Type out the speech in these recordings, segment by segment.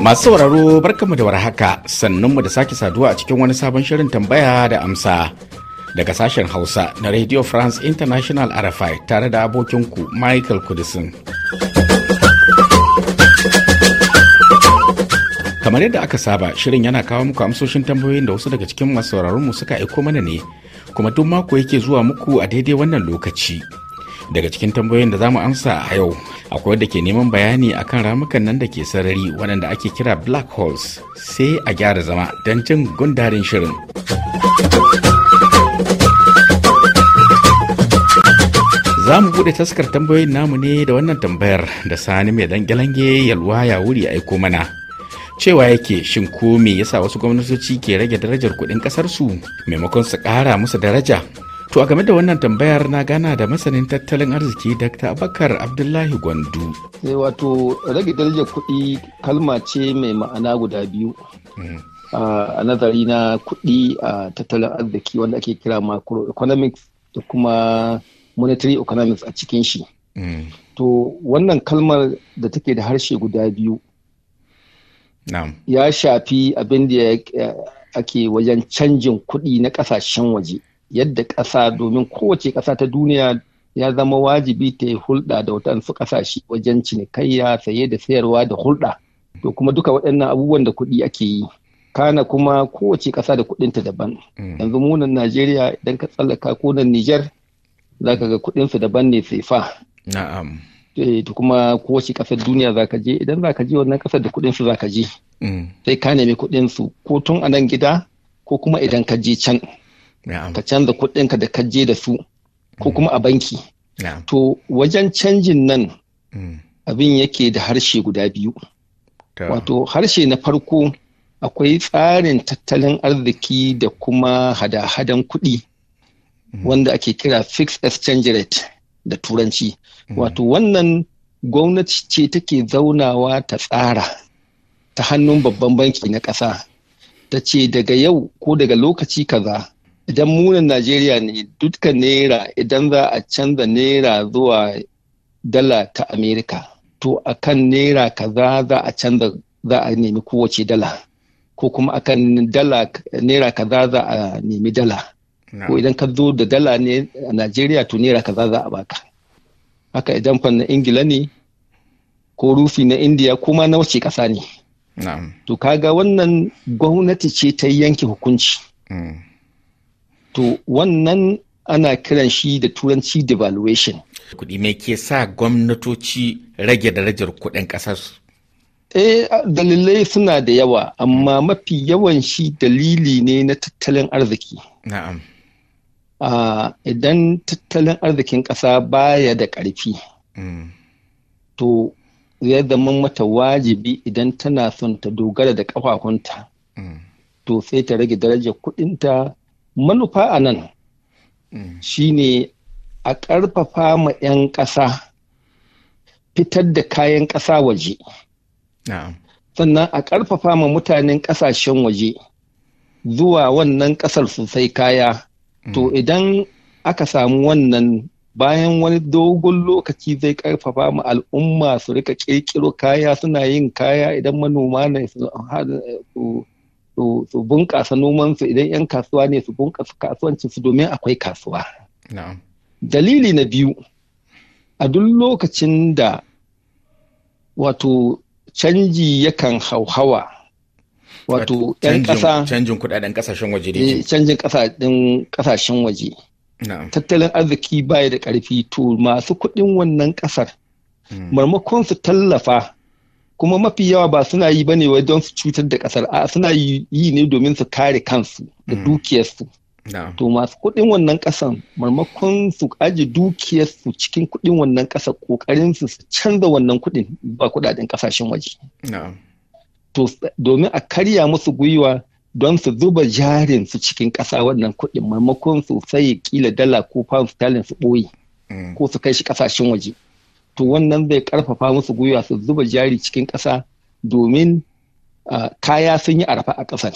Masu sauraro barkanmu da warhaka sannunmu da sake saduwa a cikin wani sabon shirin tambaya da amsa daga sashen Hausa na Radio France International RFI tare da abokinku Michael Kudisin. kamar yadda aka saba shirin yana kawo muku amsoshin tambayoyin da wasu daga cikin masu mu suka aiko mana ne kuma duk mako yake zuwa muku a daidai wannan lokaci daga cikin tambayoyin da zamu amsa a yau akwai wadda ke neman bayani akan ramukan nan da ke sarari waɗanda ake kira black holes sai a gyara zama don jin gundarin shirin za mu buɗe taskar tambayoyin namu ne da wannan tambayar da sani mai dangilange yalwa ya wuri aiko mana cewa yake shin ko me yasa wasu gwamnatoci ke rage darajar kuɗin ƙasarsu, maimakon su ƙara musu daraja to a game da wannan tambayar na gana da masanin tattalin arziki dr abakar abdullahi gwandu eh, wato rage darajar kuɗi kalma ce mai ma'ana guda biyu hmm. a nazari na kuɗi a tattalin arziki wanda ake kira macroeconomics da kuma monetary economics a cikin shi hmm. to wannan kalmar da take da harshe guda biyu ya shafi abin da eh, ake wajen canjin kuɗi na ƙasashen waje yadda ƙasa domin kowace ƙasa ta duniya ya zama wajibi ta yi hulɗa da waɗansu ƙasashe wajen cinikayya saye da sayarwa da hulɗa to kuma duka waɗannan abubuwan da kuɗi ake yi kana kuma kowace ƙasa da kuɗinta daban mm. yanzu munan najeriya idan ka tsallaka ko nan nijar za ka ga kuɗinsu daban ne sai fa Eh, to kuma ko kowace kasar duniya za ka je idan za ka je wannan kasar da kuɗin su za ka je mm. sai ka nemi kuɗin su ko tun a nan gida ko kuma idan ka je can ka canza kuɗin ka da ka je da su ko mm. kuma a banki to wajen canjin nan mm. abin yake da harshe guda biyu wato harshe na farko akwai tsarin tattalin arziki da kuma hada-hadan kuɗi wanda ake kira fixed exchange rate da turanci mm-hmm. wato wannan gwamnati ce take zaunawa ta tsara ta hannun babban banki na ƙasa ta ce daga yau ko daga lokaci kaza idan munan najeriya ne dukkan naira idan za a canza naira zuwa dala ta amerika to akan naira kaza za a canza za a nemi kowace dala ko kuma akan dala naira kaza za a nemi dala ko idan ka zo da dala ne a najeriya to naira kaza za a baka haka idan fana na ingila ne ko rufi na indiya ko ma na wace kasa ne to kaga wannan gwamnati ce ta yanke hukunci mm. to wannan ana kiran shi da turanci devaluation kuɗi mai ke sa gwamnatoci rage darajar kuɗin ƙasar Eh dalilai suna da yawa amma mafi yawan shi dalili ne na tattalin arziki. Na'am. idan tattalin arzikin ƙasa baya da ƙarfi mm. to ya zama mata wajibi idan tana son ta dogara da ƙafafunta mm. to sai ta rage darajar kuɗinta manufa a nan mm. shine a ƙarfafa ma 'yan ƙasa fitar da kayan ƙasa waje sannan a ƙarfafa ma mutanen ƙasashen waje zuwa wannan ƙasar sosai sai kaya To mm. idan aka samu wannan bayan wani dogon lokaci zai karfafa mu al'umma su rika kirkiro kaya suna yin kaya idan manoma ne su bunƙasa nomansu idan 'yan kasuwa ne su bunƙasa kasuwancinsu domin akwai kasuwa. Dalili na biyu, a duk lokacin da wato canji yakan hauhawa wato yan ƙasa canjin kudaden kasashen waje eh, ne canjin kasashen kasashen waje tattalin arziki baya da karfi to masu kuɗin wannan ƙasar hmm. marmakon su tallafa kuma mafi yawa ba suna yi bane wai don su cutar da ƙasar a suna yi ne domin su kare kansu da hmm. dukiyarsu to masu kuɗin wannan ƙasan marmakon su aji dukiyarsu cikin kuɗin wannan ƙasa kokarin su canza wannan kuɗin ba kudaden kasashen waje domin a karya musu gwiwa don su zuba jarin su cikin ƙasa wannan kuɗin maimakon su sai kila dala ko pound sterling su ɓoye mm. ko su kai shi ƙasashen waje to wannan zai ƙarfafa musu gwiwa su zuba jari cikin ƙasa domin kaya sun yi arfa a ƙasar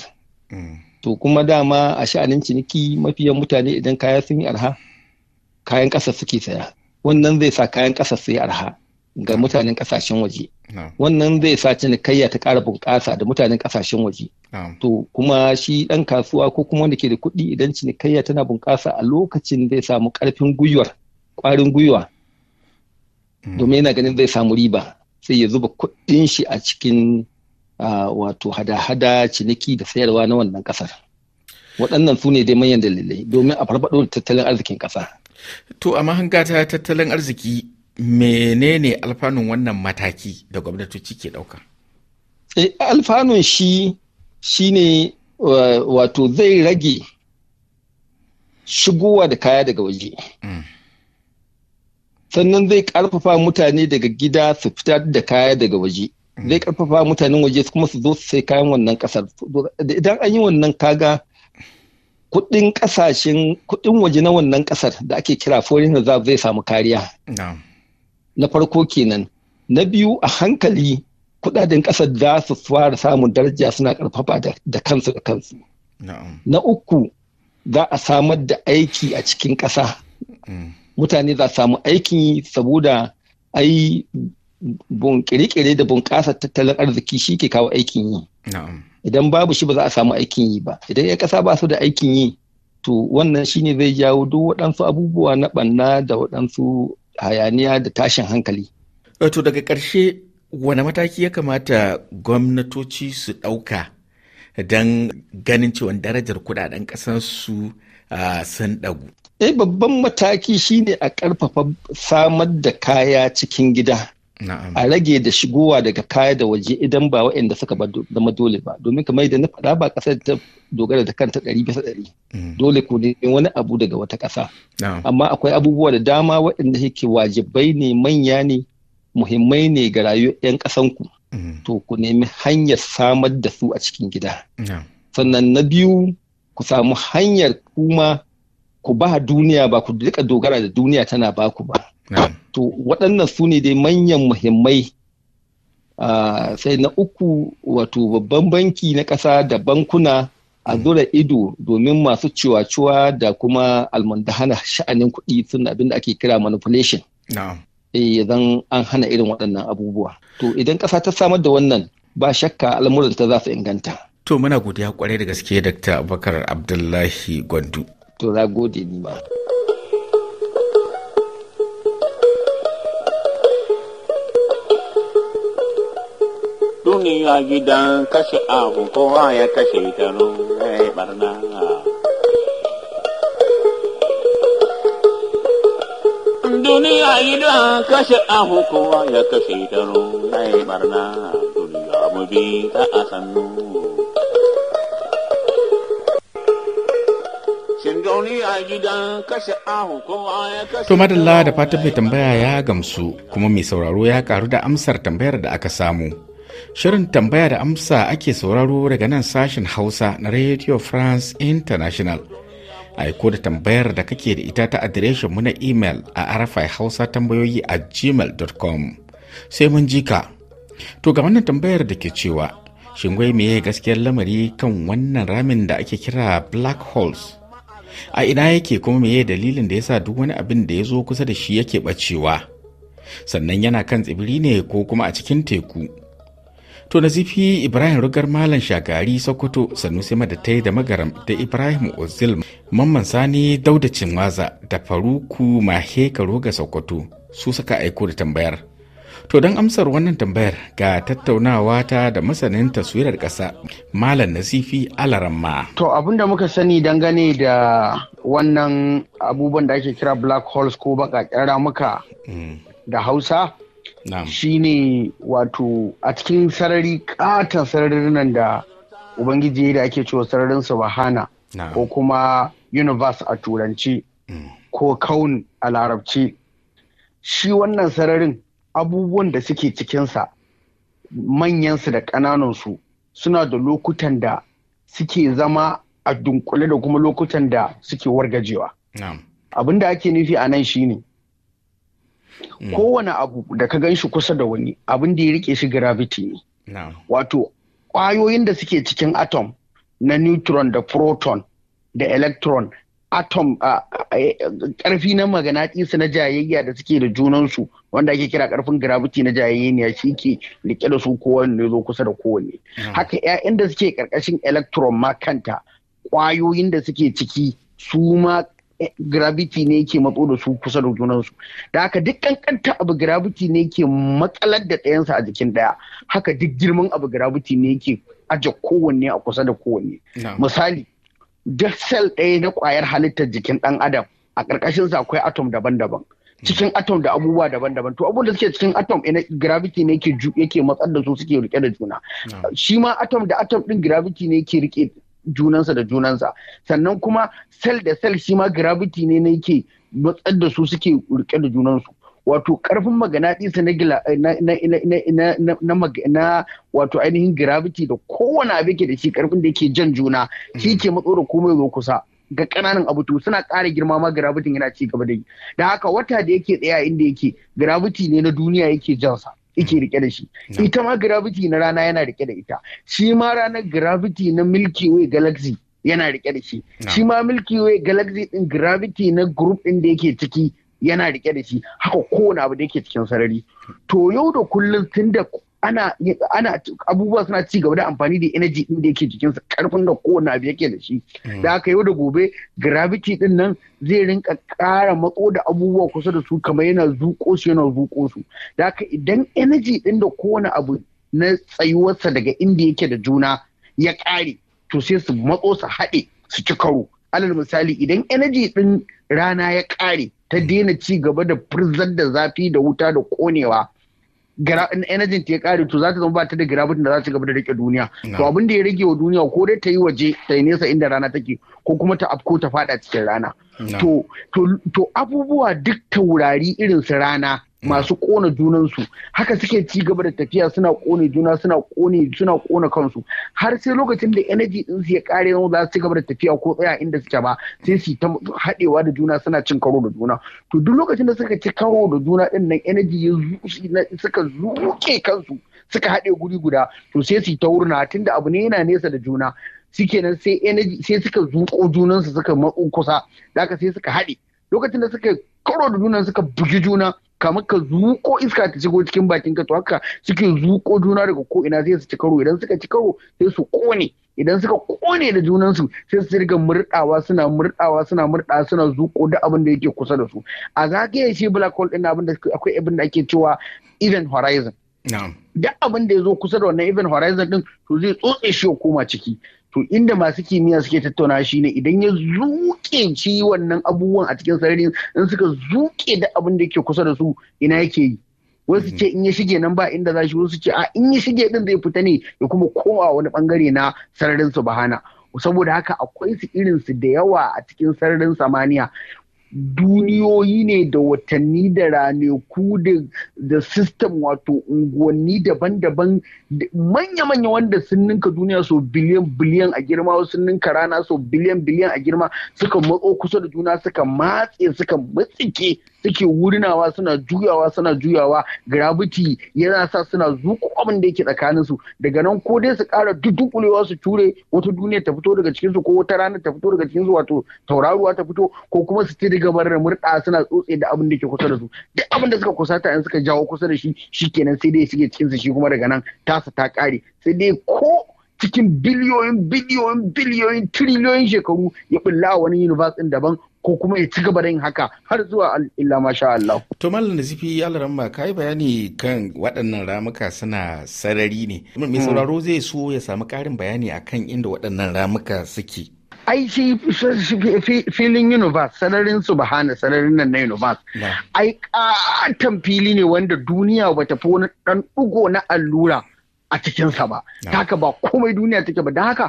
mm. to kuma dama a sha'anin ciniki mafiyan mutane idan kaya sun yi arha kayan ƙasa suke saya wannan zai sa kayan ƙasa su yi arha ga mutanen kasashen waje wannan zai sa cinikayya ta ƙara bunƙasa da mutanen kasashen waje to kuma shi ɗan kasuwa ko kuma wanda ke da kuɗi idan cinikayya tana bunƙasa a lokacin zai samu ƙarfin gwiwar ƙwarin gwiwa hmm. domin yana ganin zai samu riba sai ya zuba kuɗin shi a cikin wato hada-hada ciniki da sayarwa na wannan ƙasar waɗannan su ne dai manyan dalilai domin a farfaɗo da tattalin arzikin ƙasa to a hanga ta tattalin arziki menene alfanun wannan mataki da gwamnatoci ke ɗauka? Eh, alfanun shi shi ne wato zai rage shigowa da kaya daga waje mm. sannan zai karfafa mutane daga gida su fita da kaya daga waje mm. zai karfafa mutanen waje kuma su zo su sai kayan wannan kasar idan an yi wannan kaga kudin kasashen kudin waje na wannan kasar da ake kira foreign reserve zai samu kariya na farko kenan na biyu a hankali kudaden kasar za su fara samun daraja suna karfafa da kansu da kansu na uku za a samar da aiki a cikin ƙasa mm. mutane za samu aikin saboda ai kirkire da bunƙasa tattalin arziki shi ke kawo aikin yi idan babu shi ba za a samu aikin yi ba idan ya kasa ba su da aikin yi to wannan shine zai jawo duk waɗansu abubuwa na ɓanna da waɗansu hayaniya da tashin hankali. wato daga ƙarshe wane mataki ya kamata gwamnatoci su ɗauka don ganin cewa darajar kudaden ƙasarsu sun ɗagu? Eh babban mataki shine a ƙarfafa samar da kaya cikin gida. a rage da shigowa daga kaya da waje idan ba waɗanda suka zama dole ba domin kamar da na faɗa ba ƙasar ta dogara da kanta ɗari bisa ɗari mm. dole ko ne wani abu daga wata ƙasa amma akwai abubuwa da dama waɗanda yake wajibai ne manya ne muhimmai ne ga rayuwar 'yan ƙasanku mm. to ku nemi hanyar samar da su a cikin gida sannan na biyu ku samu hanyar kuma ku ba duniya ba ku riƙa dogara da duniya tana baku ba Ah, to waɗannan su ne dai manyan muhimmai. Ah, sai na uku wato babban banki na ƙasa da bankuna a mm. zura ido domin masu ciwa da kuma almandahana sha'anin kuɗi suna abin da ake kira manipulation. E, eh, Idan an hana irin waɗannan abubuwa. To idan ƙasa ta samar da wannan ba shakka ta za su inganta. To muna godiya kwarai da gaske Dr. Abubakar Abdullahi Gwandu. To za gode ni ma. ya gidan kashe abu kowa ya kashe ta ruwai barna. Duniya gidan kashe abu kowa ya kashe ta ruwai barna. Duniya mu bi ta a sannu. To madalla da fatan mai tambaya ya gamsu kuma mai sauraro ya karu da amsar tambayar da aka samu. Shirin tambaya da amsa ake sauraro daga nan sashen Hausa na Radio France International. Aiko da tambayar da kake da ita ta adireshin mu na imel a arafai hausa tambayoyi a gmail.com sai mun ji ka. To ga wannan tambayar da ke cewa, shingwai ya gaskiyar lamari kan wannan ramin da ake kira black holes? A ina yake kuma meye dalilin da ya sa duk wani abin da ya zo kusa da shi yake bacewa? Sannan yana kan tsibiri ne ko kuma a cikin teku? To zifi Ibrahim Rugar Malam Shagari Sokoto Sanusi ma da Magaram da Ibrahim Ozil Mamman Sani Dauda waza da Faruku Mahe ga Sokoto su saka aiko da tambayar. To don amsar wannan tambayar ga tattaunawa ta da masanin taswirar ƙasa Malam Nasifi Alaramma. To abin da muka sani dangane da wannan abubuwan da ake kira black holes ko baka ramuka mm. da Hausa shi ne wato a cikin sarari kata sararin da ubangiji da ake cewa sararin subhana ko kuma universe a turanci mm. ko kaun a larabci shi wannan sararin abubuwan da suke cikinsa manyansu da ƙananansu suna da lokutan da suke zama a dunkule da kuma lokutan da suke wargajewa abin da ake nufi a nan shi ne. Mm. kowane abu da ka gan shi kusa da wani abin da ya rike shi gravity ne wato kwayoyin da suke cikin atom na neutron da proton da electron atom ƙarfi na maganaɗisu na jayayya da suke da junansu wanda ake kira karfin gravity na jayayya shi ke rike da su kowanne zo kusa da kowanne haka 'ya'yan da suke ƙarƙashin electron ma kanta kwayoyin da suke ciki su ma Eh, gravity ne yake matso da su kusa da junansu da haka duk kankanta abu gravity ne yake matsalar da ɗayansa a jikin ɗaya haka duk girman abu gravity ne yake aje kowanne a kusa da kowanne misali duk cell ɗaya na ƙwayar halittar jikin ɗan adam a sa akwai atom daban-daban cikin atom da abubuwa daban-daban to abubuwan da suke cikin atom ina eh, gravity ne yake yake matsar da su suke rike da juna shi ma atom da atom din gravity ne yake rike junansa da junansa sannan kuma sel da sel shi ma gravity ne na yake matsar da su suke rike da junansu wato karfin maganatisa na wato ainihin gravity da kowane abu ke da shi karfin da yake jan juna shi ke matso da komai zo kusa ga ƙananan abutu suna ƙara girma ma gravity yana ci gaba da yi da haka wata da yake tsaya inda yake gravity ne na duniya yake jansa yake rike da shi ita ma gravity na rana yana rike da ita shi ma ranar gravity na milky way galaxy yana rike da shi shi ma milky way galaxy din gravity na group din da yake ciki yana rike da shi haka kowane abu da yake cikin sarari to yau da kullum tun da ana abubuwa suna ci gaba da amfani da energy din da yake jikinsa karfin da kowane abu yake da shi mm. da aka yau da gobe gravity din nan zai rinka ƙara matso da abubuwa kusa da su kamar yana zuƙo su yana zuƙo su da aka idan energy din da kowane abu na tsayuwarsa daga inda yake da juna ya ƙare to sai su matso su haɗe su ci karo alal misali idan energy din rana ya ƙare ta daina ci gaba da furzar da zafi da wuta da konewa energy ta ya kare to za ta zama ba ta da gravity da za ta gaba da rike duniya to abin da ya rage wa duniya ko dai ta yi waje ta yi nesa inda rana take ko kuma ta afko ta fada cikin rana to abubuwa duk taurari irin su rana masu kona junansu haka suke ci gaba da tafiya suna kone juna suna kone suna kona kansu har sai lokacin da energy din su ya kare yau za su ci gaba da tafiya ko tsaya inda suke ba sai su ta haɗewa da juna suna cin karo da juna to duk lokacin da suka ci karo da juna din nan energy suka zuke kansu suka haɗe guri guda to sai su ta wurna tunda abu ne yana nesa da juna nan sai energy sai suka zuƙo junansu suka matsu kusa da sai suka haɗe lokacin da suka karo da juna suka bugi juna kamar ka zuko iska ta shigo cikin bakin ka to haka suke zuko juna daga ko ina sai su ci karo idan suka ci karo sai su kone idan suka kone da junansu sai su riga murdawa suna murdawa suna murda suna zuko da abin da yake kusa da su a zagaye shi black hole din abin da akwai abin da ake cewa event horizon duk abin da ya zo kusa da wannan event horizon din to zai tsotse shi ya koma ciki to inda masu kimiyya suke tattauna shi ne idan ya zuke ci wannan abubuwan a cikin sararin in suka zuke da abin da ke kusa da su ina yake yi wasu mhm. ce in ya shige nan ba inda za shi wasu ce a in ya shige din zai fita ne ya kuma kowa wani bangare na sararin su bahana saboda haka akwai su irin su da yawa a cikin sararin samaniya duniyoyi ne da watanni da ku da system wato unguwanni daban-daban manya-manya wanda sun ninka duniya so biliyan-biliyan a girma wasu ninka rana so biliyan-biliyan a girma suka matso kusa da juna suka matse suka matsike suke wurinawa suna juyawa suna juyawa gravity yana sa suna zuƙo abin da yake tsakanin su daga nan ko dai su ƙara dudukulewa su ture wata duniya ta fito daga cikin su ko wata rana ta fito daga cikin su wato tauraruwa ta fito ko kuma su ci daga barar murɗa suna tsotse da abin da ke kusa da su duk abin da suka kusata in suka jawo kusa da shi kenan sai dai suke cikin su shi kuma daga nan tasa ta ƙare sai dai ko cikin biliyoyin biliyoyin biliyoyin triliyoyin shekaru ya bulla wani universe daban ko kuma ya ci gaba da yin haka har zuwa illa masha Allah. To Malam Nazifi Alaramma ka kai bayani kan waɗannan ramuka suna sarari ne. Mai hmm. sauraro zai so ya samu ƙarin bayani akan inda waɗannan ramuka suke. ai shi filin universe sararin subhana sararin nan na universe ai fili ne wanda duniya bata fi wani ɗan ɗugo na allura a cikinsa ba haka ba komai duniya take ba don haka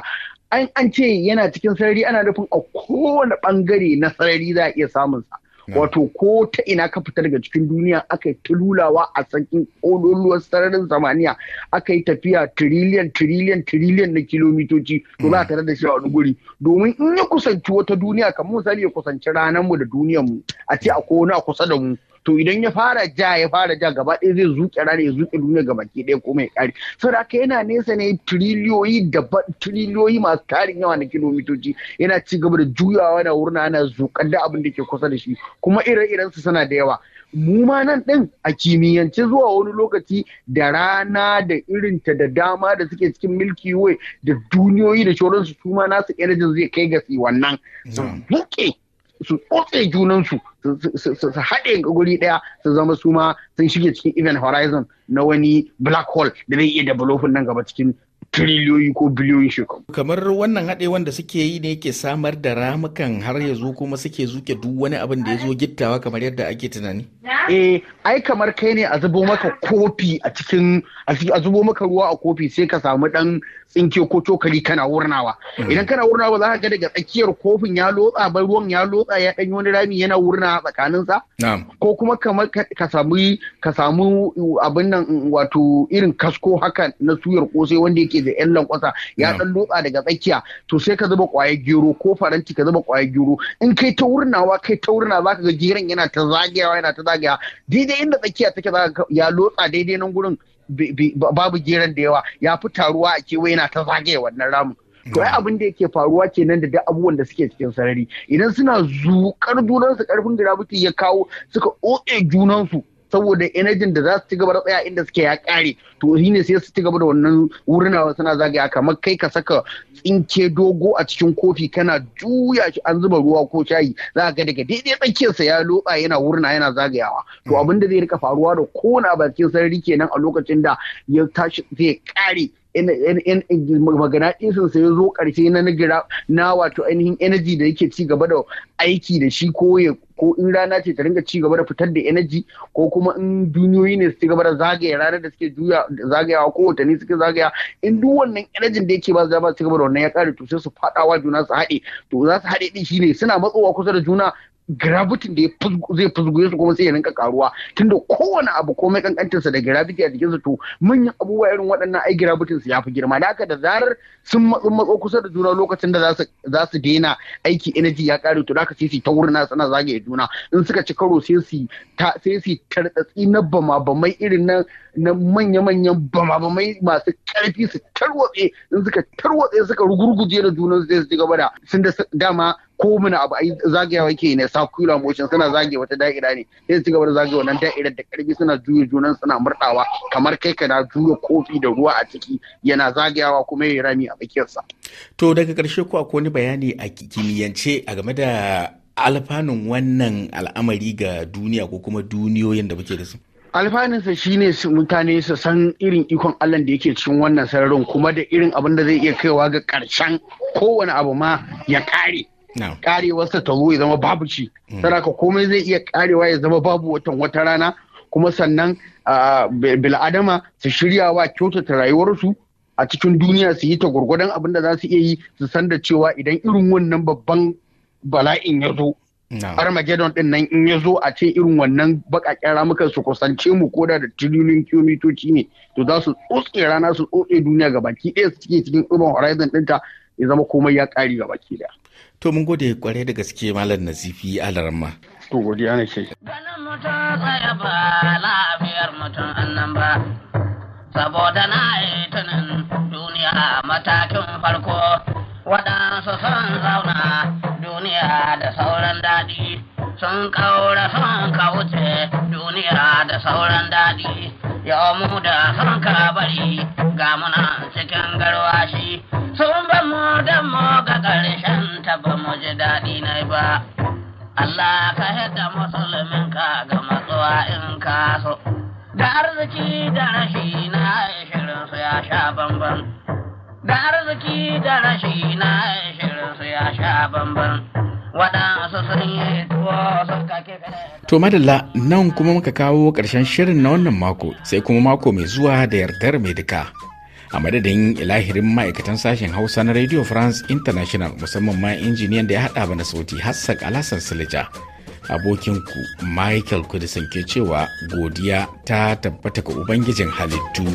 an an ce yana cikin sarari ana nufin a kowane bangare na sarari za a iya samun sa wato ko ta ina ka fita daga cikin duniya aka yi tululawa a sakin kololuwar sararin samaniya aka yi tafiya tiriliyan tiriliyan tiriliyan na kilomitoci to za mm. tare da shi a wani guri domin in ya kusanci wata duniya kamar misali ya kusanci ranar mu da duniyar mu a ce akwai wani a kusa da mu to idan ya fara ja ya fara ja gaba ɗaya zai zuƙe rana ya zuƙe duniya gaba ke ɗaya kuma ya ƙare saboda haka yana nesa ne triliyoyi da triliyoyi masu tarin yawa na kilomitoci yana ci gaba da juyawa na wurna ana zuƙar da abin da ke kusa da shi kuma ire-iren su suna da yawa mu ma nan ɗin a kimiyyance zuwa wani lokaci da rana da irinta da dama da suke cikin milky way da duniyoyi da shoransu su ma nasu energy zai kai ga wannan. Zuƙe su tsotse junansu su haɗe guri ɗaya su zama su ma sun shige cikin event horizon na wani black hole da zai iya developin nan gaba cikin triliyoyi ko biliyoyin shekaru. Kamar wannan haɗewan wanda suke yi ne ke samar da ramukan har ya zo kuma suke zuke duk wani abin da ya zo gittawa kamar yadda ake tunani. Eh, ai kamar kai ne a zubo maka kofi a cikin a zubo maka ruwa a kofi sai ka samu ɗan tsinke ko cokali kana wurnawa. Hmm. Idan kana wurnawa za ka ga daga tsakiyar kofin ya lotsa ba ruwan ya lotsa ya ɗanyi wani rami yana wurna tsakaninsa. Ko kuma kamar ka samu ka samu abin nan wato irin kasko haka na suyar kosai wanda yake Da yan lankwasa ya dan lotsa daga tsakiya to sai ka zuba kwaye gero ko faranti ka zuba kwaye gero in kai ta wurnawa kai ta wurna zaka ga geron yana ta zagayawa yana ta zagaya daidai inda tsakiya take zaka ya lotsa daidai nan gurin babu geron da yawa ya fi taruwa a kewaye yana ta zagaya wannan ramu. to ai abin da yake faruwa kenan da duk abubuwan da suke cikin sarari idan suna zuƙar junansu karfin gravity ya kawo suka oke junansu saboda energy da za su ci gaba da tsaya inda suke ya kare to shi ne sai su ci gaba da wannan wurinawa suna zagaya kamar kai ka saka tsinke dogo a cikin kofi kana juya shi an zuba ruwa ko shayi za ka ga daga daidai tsakiyar sa ya lotsa yana wurina yana zagayawa to hmm. abin da zai rika faruwa da kowane a bakin sarari kenan a lokacin da ya tashi zai kare maganaɗisin sa ya zo karshe na nigira na wato ainihin energy da yake ci gaba da aiki da shi ko ya ko in rana ce ta ringa ci gaba da fitar da energy ko kuma in duniyoyi ne su ci gaba da zagaya ranar da suke juya zagayawa ko watanni suke zagaya in duk wannan energy da yake ba su dama su ci gaba da wannan ya kare to sai su fadawa juna su haɗe to za su haɗe din shine suna matsowa kusa da juna gravity da zai fuzguye su kuma sai ya rinka karuwa tunda kowane abu komai kankantarsa da gravity a jikinsa to manyan abubuwa irin waɗannan ai gravity su ya fi girma da haka da zarar sun matsu matso kusa da juna lokacin da za su daina aiki energy ya kare to da haka sai su ta wurin suna zagaye juna in suka ci karo sai su sai su tartsatsi na bama bamai irin na na manya-manyan bama bamai masu karfi su tarwatse in suka tarwatse suka rugurguje da junan zai su gaba da sun da dama ko muna abu ai zagayawa yake ne circular motion suna zage wata da'ira ne sai su gaba da zage wannan da'irar da karfi suna juya junan suna murdawa kamar kai kana juya kofi da ruwa a ciki yana zagayawa kuma ya rami a sa to daga karshe ko akwai wani bayani a kimiyance a game da alfanun wannan al'amari ga duniya ko kuma duniyoyin da muke da su sa shine mutane su san irin ikon Allah da yake cikin wannan sararin kuma da irin abin da zai iya kaiwa ga karshen kowane abu ma ya kare karewarsa ta zo ya zama babu shi mm. saraka komai zai iya karewa ya zama babu watan wata rana kuma sannan bil'adama su shirya wa kyautata rayuwarsu a cikin duniya su yi ta gwargwadon abin da za su iya yi su san da cewa idan irin wannan babban bala'in ya zo Armageddon din nan in ya zo a ce irin wannan bakakken ramukan su kusance mu ko da triliyoyin kilomitoci ne to za su tsotse rana su tsotse duniya ga baki ɗaya su cike cikin urban horizon ɗinta ya zama komai ya ƙari ga baki ɗaya. To mun gode kwarai da gaske Malam Nazifi Alaramma. To godiya nake. Ganin mutum tsaya ba lafiyar mutum annan ba. Saboda na yi tunin duniya matakin farko waɗansu sun zauna duniya da sauran daɗi sun ƙaura sun ka wuce duniya da sauran daɗi yau mu da sun ka bari arziki da rashi na shirin ya sha bamban da arziki da rashi ya sha bamban To madalla nan kuma muka kawo ƙarshen shirin na wannan mako sai kuma mako mai zuwa da yardar mai duka. a madadin ilahirin ma'aikatan sashen hausa na radio france international musamman ma injiniyan da ya haɗa mana sauti hassan alasan silija abokinku michael kudisan ke cewa godiya ta tabbata ga ubangijin halittu